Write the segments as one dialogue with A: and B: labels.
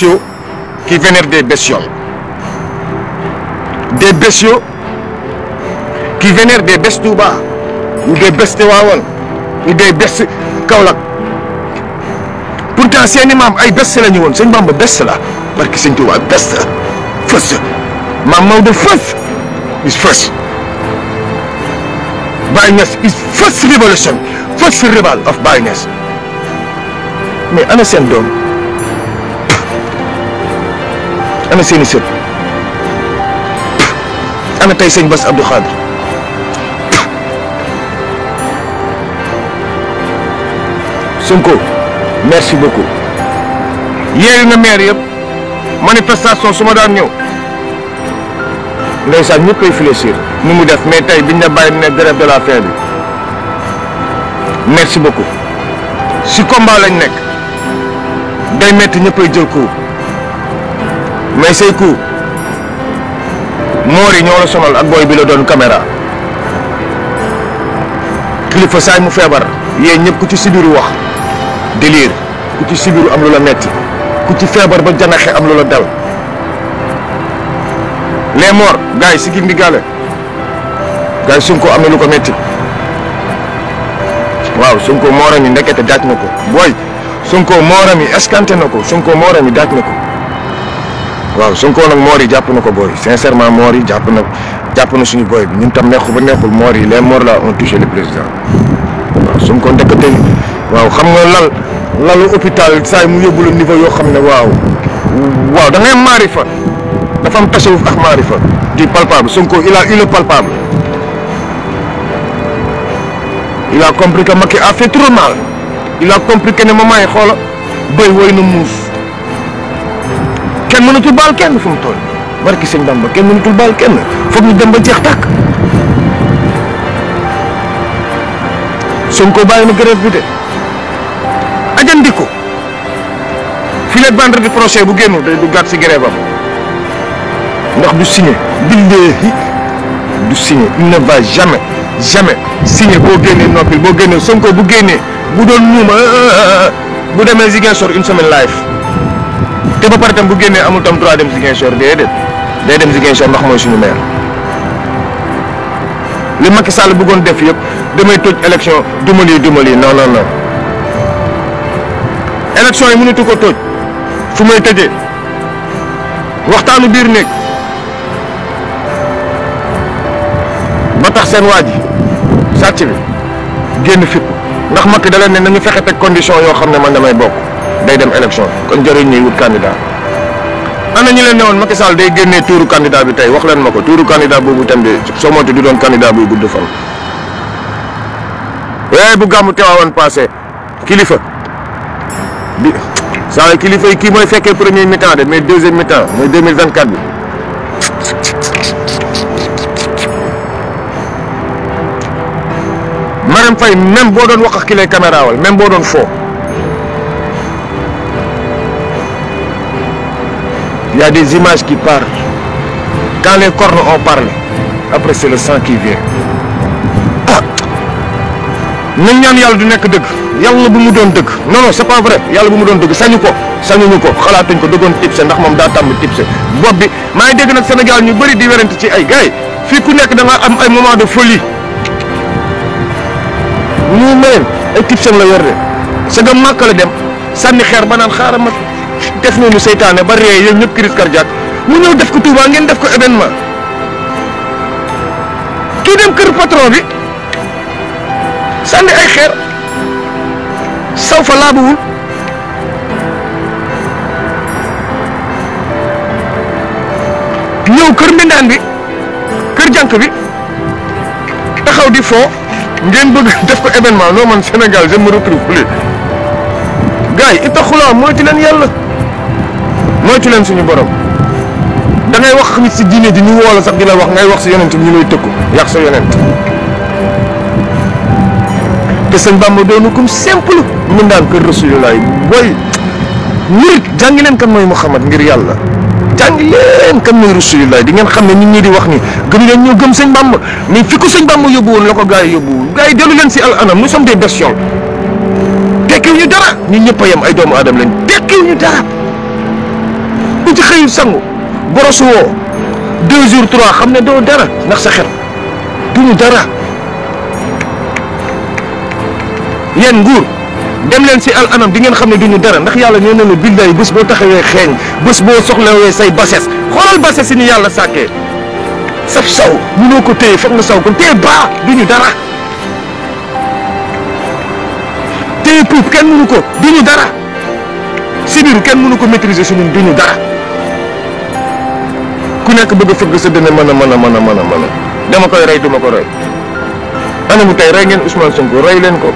A: bestiaux qui vénèrent des bestioles des bestiaux qui vénèrent des best Touba ou des best seeni maam ay best la ñu woon sëñ Bamba best la parce que sëñ Touba best la first maam Maodo first is first Baye Niass is first revolution first rival of Baye Niass mais ana seen doom ana seeni sët ana tey sëñ Bass Abdou Khadir Sonko merci beaucoup yeeri maire yëpp manifestation su daan ñëw koy fléchir nu mu def mais biñ ne grève de la faim bi merci beaucoup si combat lañ nekk day metti jël mais say coup moor yi ñoo la sonal ak booy bi la doon caméra kilifa saay mu feebar yéen ñëpp ku ci sibiru wax délire ku ci sibiru am lu la metti ku ci feebar ba janaxee am lu la dal les morts gars yi si gig ndi gàlle gars yi am na lu ko metti waaw Sonko mooram yi ndekete daaj na ko booy Sonko mooram yi escanté na ko Sonko mooram yi daaj na ko waaw Sonko nag moor jàpp na ko booy sincèrement moor yi jàpp na jàpp na suñu booy bi ñun tam neexu ba neexul moor yi les morts là ont touché le président waaw Sonko ndekete waaw xam nga lal lalu hôpital saa yi mu yóbbu la niveau yoo xam ne waaw waaw da ngay maarifa dafa tasawuf ak maarifa du palpable Sonko il a eu le palpable il a compris que a trop mal il a compris que ne moment yi xoola béy woy na muus Ken mënatul baal kenn fu mu toll barki sëñ bamba kenn mënatul baal kenn foog ñu dem ba jeex tàkk sonko bàyyi na grève bi de ajandi ko fi le vendredi prochain bu génnu day du gàtt si grève am ndax du signé billahi du signé il ne va jamais jamais signé boo génnee noppil boo génnee sonko bu génnee bu doon ñuuma bu demee Ziguinchor une semaine live te ba pare tam bu génnee amul tam droit dem Ziguinchor déedéet day dem Ziguinchor ndax mooy suñu maire. li Macky Sall buggoon def yëpp damay toj élection dumal yi dumal yi non non non élection yi mënatu ko toj fu may tëjee waxtaanu biir néeg ba tax seen waa ji sàcc bi génn fipp ndax Macky da leen ne nañu fexe teg condition yoo xam ne man damay bokk. day dem élection kon jëriñ ñuy wut candidat ana ñu leen ne woon Macky Sall day génnee tuuru candidat bi tey wax leen ma ko tuuru candidat boobu tam de soo moytu du doon candidat buy gudd fan. waaye eh, bu gàmmu teewaawoon passé kilifa bi saa kilifa yi kii mooy fekkee premier mi de mais deuxième mi-temps mooy 2024 bi. Marème Faye même boo doon wax ak ki lay caméra wal même boo doon foo. Il y a des images qui partent Quand les cornes ont parlé, après c'est le sang qui vient. Ah. nañ ñaan yàlla du nek deug yalla bu mu doon dëgg non non c'est pas vrai yalla bu mu doon dëgg sañu ko ñu ko xalaatuñ ko dëggoon tipse ndax mom da tam tipse bopp bi maa ngi dégg nag Sénégal ñu bari di werante ci ay gars fi ku nek da nga am ay moment de folie ñu meen ay tipsem la yor de sa nga la dem sani xeer ba naan ma def nañu seytaane ba ree yéen ñëpp crise cardiaque mu ñëw def ko Touba ngeen def ko événement kii dem kër patron bi sànni ay xeer saw fa laabuwul ñëw kër mbindaan bi kër jànk bi taxaw di foo ngeen bëgg def ko événement non man Sénégal je me retrouve plus gars yi ittaxulaa moytu moytu leen suñu borom da ngay wax nit si diine ji ñu woo la sax di la wax ngay wax si yonent bi ñu lay tëkku yàq sa yonent te sëñ bamba doonu kum simple mun daan kër rasulullah boy murit jàngi leen kan moy muhammad ngir yàlla jàngi leen kan mooy rasulullah di ngeen xam ne nit ñi di wax ni gëm leen ñoo gëm sëñ bamba mais fi ko bamba yóbbu woon la ko gars yi yóbbu woon gars si al anam nous sommes des bestioles tekkiw ñu dara ñun ñëpp a yem ay doomu aadam lañ tekkiw ñu dara ci xeyul sangu borosu wo 2 jours 3 xamne do dara nak sa xel duñu dara yeen nguur dem leen si al anam di ngeen xam ne duñu dara ndax yàlla nee na la bindaay bés boo taxawee xeeñ bés boo soxlawee say bases xoolal bases ni yàlla sàkkee saf saw mënoo ko téye foog nga saw ko téye baa duñu dara téye puub kenn mënu ko duñu dara sibiru kenn mënu ko maîtriser si duñu dara nekk bëgg a fëgg sa dina mën a mën a mën a mën a mën a dama koy rey duma ko rey mu tey rey ngeen Ousmane Sonko rey leen ko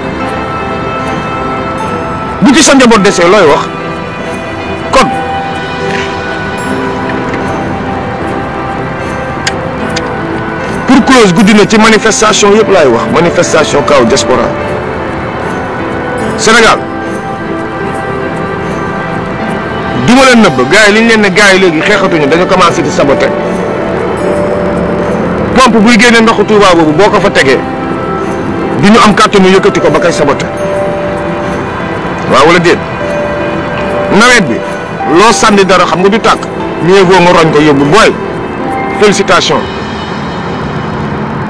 A: bu ci sa njaboot desee looy wax kon pour cause guddi na ci manifestation yëpp laay wax manifestation kaw diaspora Sénégal du ma leen nëbb gars yi li ñu leen ne gars yi léegi xeexatuñu dañu commencé di saboté pompe buy génnee ndoxu Touba boobu boo ko fa tegee du ñu am kàttanu yëkkati ko ba koy saboté waaw wala déet nawet bi loo sànni dara xam nga du tàkk mieux vaut nga roñ ko yóbbu booy félicitation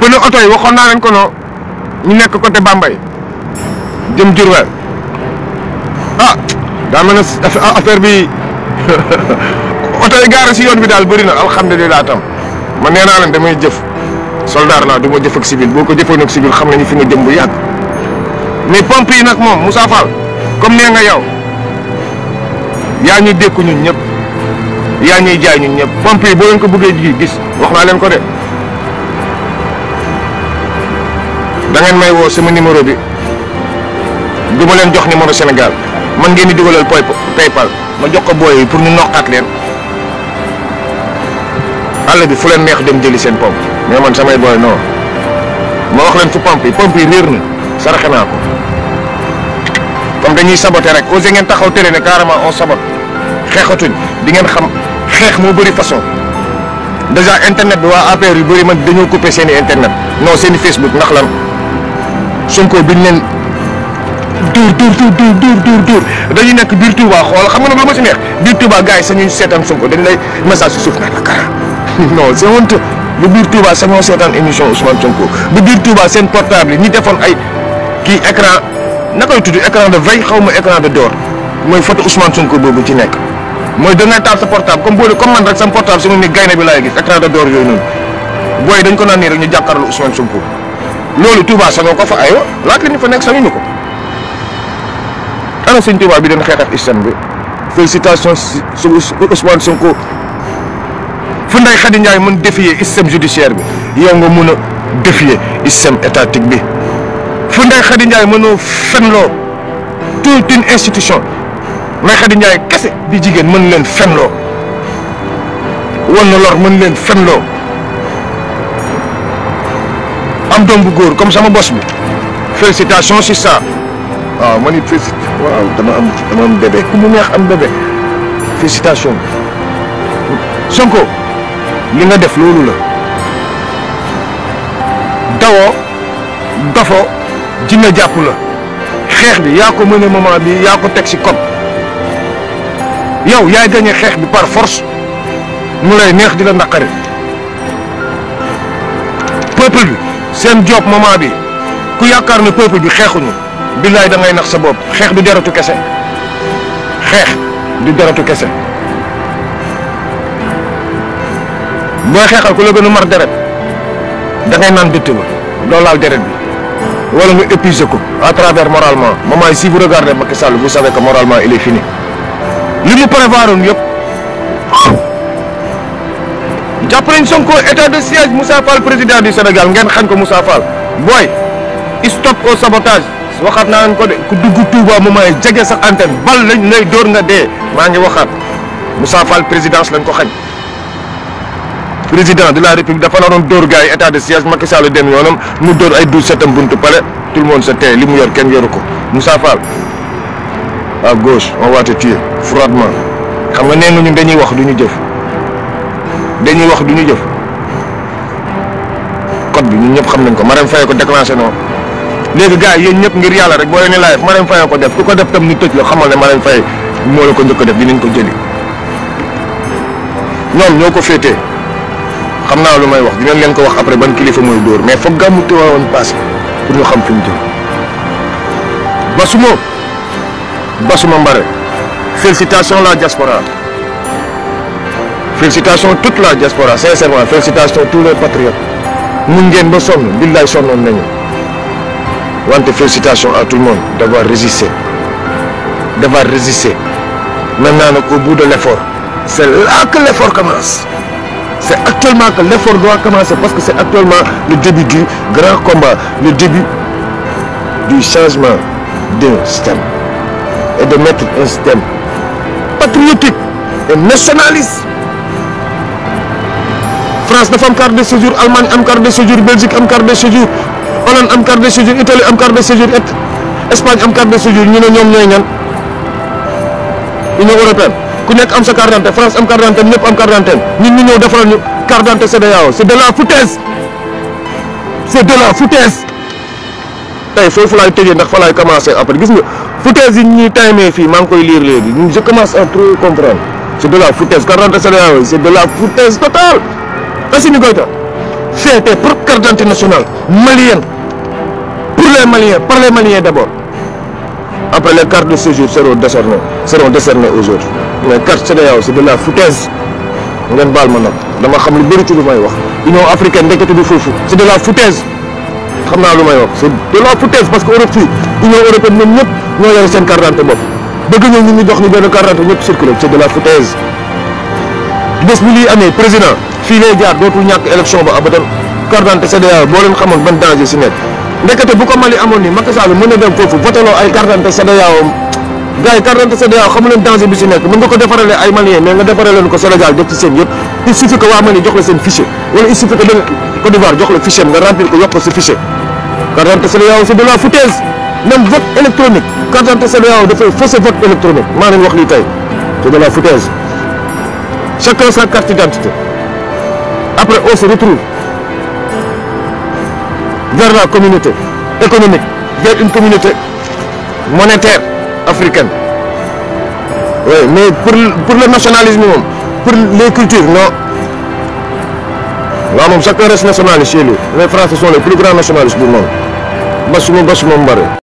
A: pneu oto yi waxoon naa leen ko no ñu nekk côté bàmbay jëm Diourbel ah daa mel ne affaire oto yi gaara si yoon bi daal bëri na alhamdulilah tam man nee naa leen damay jëf soldat laa du ma jëf ak civil boo ko jëfoon civil xam nañu fi nga jëm bu yàgg mais pompe yi nag moom Moussa Fall comme nee nga yow yaa ñuy dékku ñun ñëpp yaa ñuy jaay ñun ñëpp pompe yi boo leen ko bëggee ji gis wax naa leen ko de da ngeen may woo sama numéro bi du leen jox numéro Sénégal man ngeen di dugalal paypal ma jox ko boy pour ñu nokkat leen àll bi fu leen neex dem jëli seen pompe mais man samay boy non ma wax leen fu pompe yi pompe yi réer na saraxe naa ko comme dañuy rek ngeen taxaw ne carrément on sabote xeexatuñ di ngeen xam xeex moo bëri façon déjà internet bi waa APR yu bëri man dañoo couper seen internet non seen facebook ndax lan sonko biñ leen dur dur dur dur dur dur dur dañuy nekk biir Touba xool xam nga nag lu ma si neex biir Touba gars yi sañuy seetaan Sonko dañ lay message si suuf naan kara non c'est honteux bu biir Touba sañoo seetaan émission Ousmane Sonko bu biir Touba seen portable ñi defoon ay ki écran na koy tudd écran de veille xaw ma écran de door mooy photo Ousmane Sonko boobu ci nekk mooy da ngay taal sa portable comme boole comme man rek sama portable sama ni gayna bi laay gis écran de door yooyu noonu booy dañ ko nani nii rek ñu jàkkaarlu Ousmane Sonko loolu Touba sañoo ko fa aywa laaj li fa nekk sañuñu ko ana sëñ Tuubaa bi doon xeex ak islam bi félicitation su Ousmane Sonko fu Ndeye Khady Ndiaye mën défier système judiciaire bi yow nga mun a défier système étatique bi fu Ndeye Khady Ndiaye mënoo fenloo toute une institution Ndeye Khady Ndiaye kese di jigéen mën leen fenloo wan na lor mën leen fenloo am doom bu góor comme sama bos bi félicitation si ça waaw man it félicité waaw dama am dama am ku mu neex am bébé félicitation Sonko li nga def loolu la dawoo dafoo jinna jàpp la xeex bi yaa ko mëne moment bi yaa ko teg si kon yow yaay gañe xeex bi par force mu lay neex di la naqari peuple bi seen job moment bi ku yaakaar ne peuple bi xeexuñu billaay da ngay nax sa bopp xeex du deratu kese xeex du deratu kese booy xeexal ku la gën a mar deret da ngay naan dëtt ba doo laal deret bi wala nga épuisé ko à travers moralement maman si vous ma Macky Sall vous savez que moralement il est fini li mu prévoir woon yëpp jàpp nañ Sonko état de siège Moussa Fall président du Sénégal ngeen xañ ko Moussa Fall booy stop au sabotage waxat naa leen ko de ku dugg Touba mu may jege sa antenne bal lañ lay door nga dee maa ngi waxaat Moussa Fall présidence lañ ko xañ président de la république dafa la door gars état de siège Macky Sall dem yoonam mu ay douze setam buntu pale, tout le monde se tait li mu yor kenn yoru ko Moussa Fall à gauche on va te tuer froidement xam nga nee ñun dañuy wax duñu jëf dañuy wax duñu jëf code bi ñun xam nañ ko Marème Faye ko déclenché non léegi gars yi yéen ñëpp ngir yàlla rek boo leen di live Marème Faye ko def ku ko def tam ñu tëj la xamal ne Marème Faye moo la ko njëkk def dinañ ko jëli ñoom ñoo ko féetee xam naa lu may wax dinañ leen ko wax après ban kilifa mooy dóor mais foog gàmmu teewoon passé pour ñu xam fi mu jëm basuma basuma mbare félicitations la diaspora félicitations toute la diaspora sincèrement félicitations tous les patriotes mun ngeen ba sonn billaay sonnoon nañu wante félicitations à tout le monde d'avoir résisté d'avoir résisté maintenant au bout de l'effort c'est là que l'effort commence c'est actuellement que l'effort doit commencer parce que c'est actuellement le début du grand combat le début du changement d'un système et de mettre un système patriotique et nationaliste France de un carte de séjour Allemagne un carte de séjour Belgique un carte de séjour Hollande am carte de séjour Italie am carte de séjour Espagne am carte de séjour ñu ne ñoom ñooy ñan Union européenne ku nekk am sa carte d'identité France am carte d'identité ñëpp am carte d'identité ñun ñu ñëw defaral ñu carte d'identité CEDEAO c'est de la foutaise c'est de la foutaise tey foofu laay tëjee ndax fa laay commencé après gis nga foutaise yi ñuy timee fii maa ngi koy lire léegi je commence à trop comprendre c'est de la foutaise carte d'identité CEDEAO c'est de la foutaise totale Assimi Goïta fait tes propres d'identité nationale malienne les Maliens, par les Maliens d'abord. Après, les cartes de séjour seront décernées, seront décernées aux autres. Les cartes CDAO, c'est de la foutaise. ngeen baal ma nag dama xam lu bëri ci lu may wax Union africaine ndekete bi foofu c'est de la foutaise xam naa lu may wax c'est de la foutaise parce que Europe fii Union européenne ñoom ñëpp ñoo yore seen carte d'identité bopp bëgg ñoo ñu ñu jox ñu benn carte d'identité ñëpp c'est de la foutaise bés bu lii amee président fii lay jaar dootul ñàkk élection ba abadan carte d'identité CEDEAO boo leen xamoon ban danger si nekk ndekete bu ko Mali amoon nii Macky Sall mën na dem foofu voteloo ay carte d'identité CEDEAO gars yi carte d'identité CEDEAO danger bi si nekk mën nga ko defarale ay Maliens mais nga defarale leen ko Sénégal def ci seen yëpp il suffit que waa Mali jox la seen fichier wala il suffit que benn Côte d'Ivoire jox la fichier nga remplir ko yokk ko sa fichier carte d'identité CEDEAO c'est foutaise même vote électronique carte d'identité CEDEAO dafay fausse vote vers la communauté économique vers une communauté monétaire africaine oui mais pour le nationalisme moom pour les cultures non waaw moom chacun reste nationaliste chez lui les Français sont les plus grands nationalistes du monde basuma basuma mbare